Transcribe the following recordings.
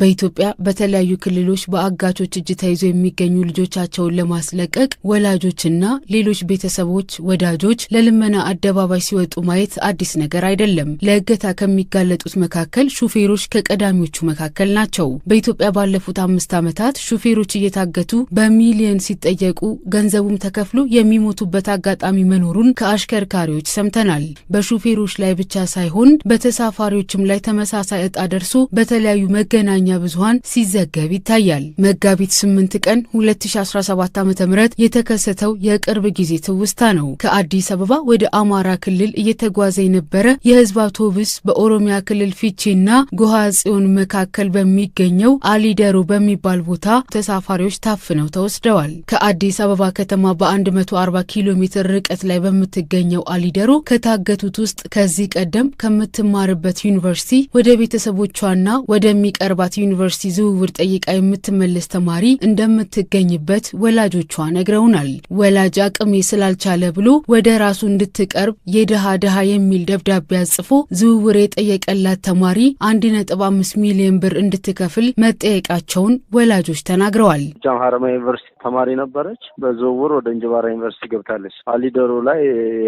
በኢትዮጵያ በተለያዩ ክልሎች በአጋቾች እጅ ተይዞ የሚገኙ ልጆቻቸውን ለማስለቀቅ ወላጆችና ሌሎች ቤተሰቦች፣ ወዳጆች ለልመና አደባባይ ሲወጡ ማየት አዲስ ነገር አይደለም። ለእገታ ከሚጋለጡት መካከል ሹፌሮች ከቀዳሚዎቹ መካከል ናቸው። በኢትዮጵያ ባለፉት አምስት ዓመታት ሹፌሮች እየታገቱ በሚሊዮን ሲጠየቁ ገንዘቡም ተከፍሎ የሚሞቱበት አጋጣሚ መኖሩን ከአሽከርካሪዎች ሰምተናል። በሹፌሮች ላይ ብቻ ሳይሆን በተሳፋሪዎችም ላይ ተመሳሳይ እጣ ደርሶ በተለያዩ መገናኛ መገናኛ ብዙኃን ሲዘገብ ይታያል። መጋቢት 8 ቀን 2017 ዓ.ም የተከሰተው የቅርብ ጊዜ ትውስታ ነው። ከአዲስ አበባ ወደ አማራ ክልል እየተጓዘ የነበረ የህዝብ አውቶቡስ በኦሮሚያ ክልል ፊቼና ጎሃ ጽዮን መካከል በሚገኘው አሊደሮ በሚባል ቦታ ተሳፋሪዎች ታፍነው ተወስደዋል። ከአዲስ አበባ ከተማ በ140 ኪሎ ሜትር ርቀት ላይ በምትገኘው አሊደሮ ከታገቱት ውስጥ ከዚህ ቀደም ከምትማርበት ዩኒቨርሲቲ ወደ ቤተሰቦቿና ወደሚቀርባት ዩኒቨርሲቲ ዝውውር ጠይቃ የምትመለስ ተማሪ እንደምትገኝበት ወላጆቿ ነግረውናል። ወላጅ አቅሜ ስላልቻለ ብሎ ወደ ራሱ እንድትቀርብ የድሃ ድሃ የሚል ደብዳቤ አጽፎ ዝውውር የጠየቀላት ተማሪ አንድ ነጥብ አምስት ሚሊዮን ብር እንድትከፍል መጠየቃቸውን ወላጆች ተናግረዋል። ጃም ዩኒቨርሲቲ ተማሪ ነበረች። በዝውውር ወደ እንጅባራ ዩኒቨርሲቲ ገብታለች። አሊደሩ ላይ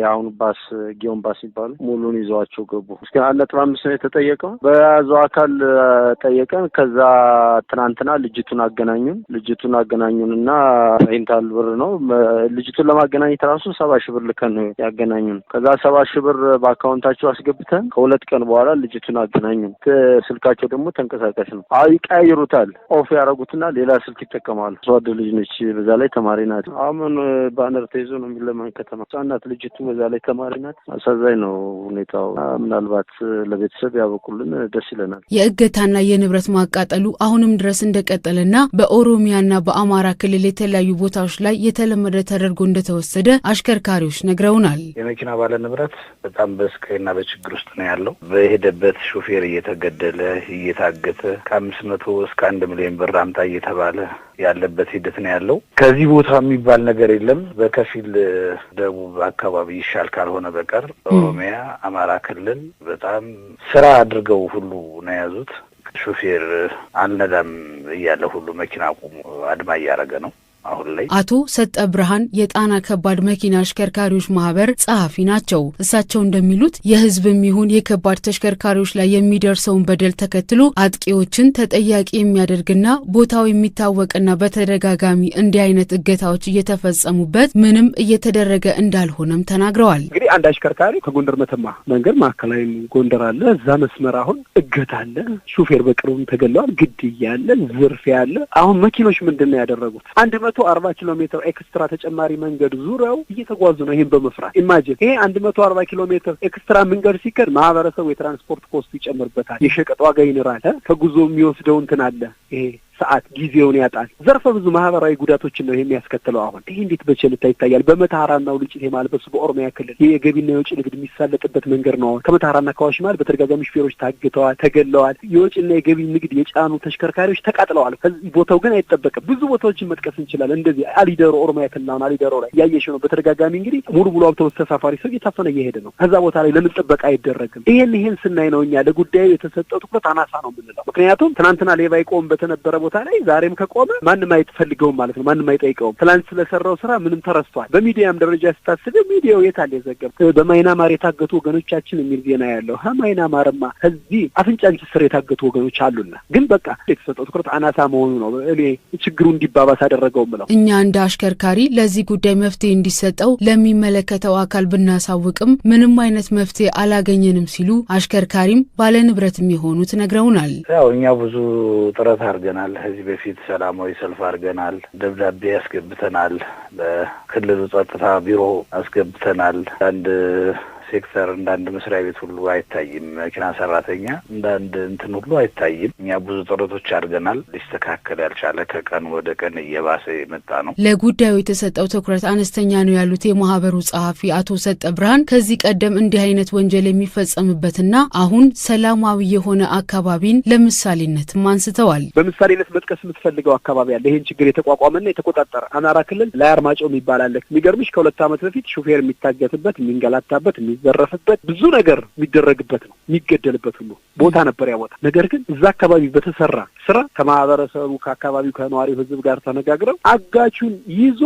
የአሁኑ ባስ ጊዮን ባስ ይባሉ ሙሉን ይዘዋቸው ገቡ። እስከ አንድ ነጥብ አምስት ነው የተጠየቀው። በያዘው አካል ጠየቀን። ከዛ ትናንትና ልጅቱን አገናኙን ልጅቱን አገናኙን እና ሬንታል ብር ነው ልጅቱን ለማገናኘት ራሱ ሰባ ሺህ ብር ልከን ነው ያገናኙን። ከዛ ሰባ ሺህ ብር በአካውንታቸው አስገብተን ከሁለት ቀን በኋላ ልጅቱን አገናኙን። ስልካቸው ደግሞ ተንቀሳቃሽ ነው። አዎ ይቀያይሩታል። ኦፍ ያደረጉትና ሌላ ስልክ ይጠቀማሉ። ሰዋደ ልጅ ነች፣ በዛ ላይ ተማሪ ናት። አሁን ባነር ተይዞ ነው የሚለመን ከተማ ህጻናት ልጅቱ በዛ ላይ ተማሪ ናት። አሳዛኝ ነው ሁኔታው። ምናልባት ለቤተሰብ ያበቁልን ደስ ይለናል። የእገታና የንብረት ማቃጠሉ አሁንም ድረስ እንደቀጠለና በኦሮሚያና በአማራ ክልል የተለያዩ ቦታዎች ላይ የተለመደ ተደርጎ እንደተወሰደ አሽከርካሪዎች ነግረውናል። የመኪና ባለ ንብረት በጣም በስቃይና በችግር ውስጥ ነው ያለው። በሄደበት ሾፌር እየተገደለ እየታገተ ከአምስት መቶ እስከ አንድ ሚሊዮን ብር አምጣ እየተባለ ያለበት ሂደት ነው ያለው። ከዚህ ቦታ የሚባል ነገር የለም። በከፊል ደቡብ አካባቢ ይሻል ካልሆነ በቀር ኦሮሚያ፣ አማራ ክልል በጣም ስራ አድርገው ሁሉ ነው የያዙት። ሹፌር አልነዳም እያለ ሁሉ መኪና አቁሙ አድማ እያደረገ ነው። አሁን ላይ። አቶ ሰጠ ብርሃን የጣና ከባድ መኪና አሽከርካሪዎች ማህበር ጸሐፊ ናቸው። እሳቸው እንደሚሉት የህዝብም ይሁን የከባድ ተሽከርካሪዎች ላይ የሚደርሰውን በደል ተከትሎ አጥቂዎችን ተጠያቂ የሚያደርግና ቦታው የሚታወቅና በተደጋጋሚ እንዲህ አይነት እገታዎች እየተፈጸሙበት ምንም እየተደረገ እንዳልሆነም ተናግረዋል። እንግዲህ አንድ አሽከርካሪ ከጎንደር መተማ መንገድ ማዕከላዊም ጎንደር አለ። እዛ መስመር አሁን እገታ አለ። ሹፌር በቅርቡም ተገለዋል። ግድያ አለ፣ ዝርፊያ አለ። አሁን መኪኖች ምንድን ነው ያደረጉት? አንድ መቶ መቶ አርባ ኪሎ ሜትር ኤክስትራ ተጨማሪ መንገድ ዙረው እየተጓዙ ነው። ይህን በመፍራት ኢማጂን ይሄ አንድ መቶ አርባ ኪሎ ሜትር ኤክስትራ መንገድ ሲከድ ማህበረሰቡ የትራንስፖርት ኮስቱ ይጨምርበታል፣ የሸቀጥ ዋጋ ይንራል፣ ከጉዞ የሚወስደው እንትን አለ ይሄ ሰዓት ጊዜውን ያጣል። ዘርፈ ብዙ ማህበራዊ ጉዳቶችን ነው የሚያስከትለው። አሁን ይህ እንዴት በቸልታ ይታያል? በመተሃራና ውልጭት የማልበሱ በኦሮሚያ ክልል የገቢና የውጭ ንግድ የሚሳለጥበት መንገድ ነው። አሁን ከመተሃራና ከዋሽ መሀል በተደጋጋሚ ሹፌሮች ታግተዋል፣ ተገለዋል። የውጭና የገቢ ንግድ የጫኑ ተሽከርካሪዎች ተቃጥለዋል። ከዚህ ቦታው ግን አይጠበቅም። ብዙ ቦታዎችን መጥቀስ እንችላለን። እንደዚህ አሊደሮ ኦሮሚያ ክልል አሁን አሊደሮ ላይ ያየሽው ነው። በተደጋጋሚ እንግዲህ ሙሉ ሙሉ አውቶቡስ ተሳፋሪ ሰው እየታፈነ እየሄደ ነው። ከዛ ቦታ ላይ ለምን ጥበቃ አይደረግም? ይህን ይህን ስናይ ነው እኛ ለጉዳዩ የተሰጠው ትኩረት አናሳ ነው የምንለው። ምክንያቱም ትናንትና ሌባ ይቆም በተነበረ ቦታ ላይ ዛሬም ከቆመ ማንም አይፈልገውም ማለት ነው። ማንም አይጠይቀውም። ትላንት ስለሰራው ስራ ምንም ተረስቷል። በሚዲያም ደረጃ ስታስበው ሚዲያው የት አለ የዘገብ በማይናማር የታገቱ ወገኖቻችን የሚል ዜና ያለው ማይናማርማ ከዚህ አፍንጫንች ስር የታገቱ ወገኖች አሉና፣ ግን በቃ የተሰጠው ትኩረት አናሳ መሆኑ ነው እኔ ችግሩ እንዲባባስ አደረገው ምለው። እኛ እንደ አሽከርካሪ ለዚህ ጉዳይ መፍትሄ እንዲሰጠው ለሚመለከተው አካል ብናሳውቅም ምንም አይነት መፍትሄ አላገኘንም ሲሉ አሽከርካሪም ባለንብረትም የሆኑት ነግረውናል። ያው እኛ ብዙ ጥረት አድርገናል። ከዚህ በፊት ሰላማዊ ሰልፍ አድርገናል። ደብዳቤ አስገብተናል። በክልሉ ጸጥታ ቢሮ አስገብተናል። አንድ ሴክተር እንደ አንድ መስሪያ ቤት ሁሉ አይታይም። መኪና ሰራተኛ እንደ አንድ እንትን ሁሉ አይታይም። እኛ ብዙ ጥረቶች አድርገናል። ሊስተካከል ያልቻለ ከቀን ወደ ቀን እየባሰ የመጣ ነው። ለጉዳዩ የተሰጠው ትኩረት አነስተኛ ነው ያሉት የማህበሩ ጸሐፊ አቶ ሰጠ ብርሃን ከዚህ ቀደም እንዲህ አይነት ወንጀል የሚፈጸምበትና አሁን ሰላማዊ የሆነ አካባቢን ለምሳሌነትም አንስተዋል። በምሳሌነት መጥቀስ የምትፈልገው አካባቢ አለ። ይህን ችግር የተቋቋመና የተቆጣጠረ አማራ ክልል ላይ አርማጭሆ የሚባል አለ። የሚገርምሽ ከሁለት ዓመት በፊት ሹፌር የሚታገትበት የሚንገላታበት የሚዘረፍበት ብዙ ነገር የሚደረግበት ነው የሚገደልበት ሁሉ ቦታ ነበር ያ ቦታ። ነገር ግን እዛ አካባቢ በተሰራ ስራ ከማህበረሰቡ ከአካባቢው ከነዋሪው ህዝብ ጋር ተነጋግረው አጋቹን ይዞ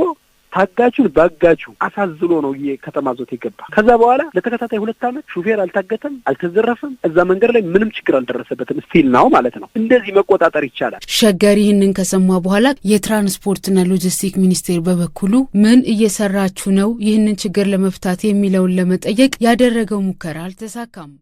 ታጋቹን ባጋቹ አሳዝኖ ነው ከተማ ዞት የገባ። ከዛ በኋላ ለተከታታይ ሁለት ዓመት ሹፌር አልታገተም፣ አልተዘረፈም። እዛ መንገድ ላይ ምንም ችግር አልደረሰበትም። ስቲል ናው ማለት ነው። እንደዚህ መቆጣጠር ይቻላል። ሸገር ይህንን ከሰማ በኋላ የትራንስፖርትና ሎጂስቲክ ሚኒስቴር በበኩሉ ምን እየሰራችሁ ነው ይህንን ችግር ለመፍታት የሚለውን ለመጠየቅ ያደረገው ሙከራ አልተሳካም።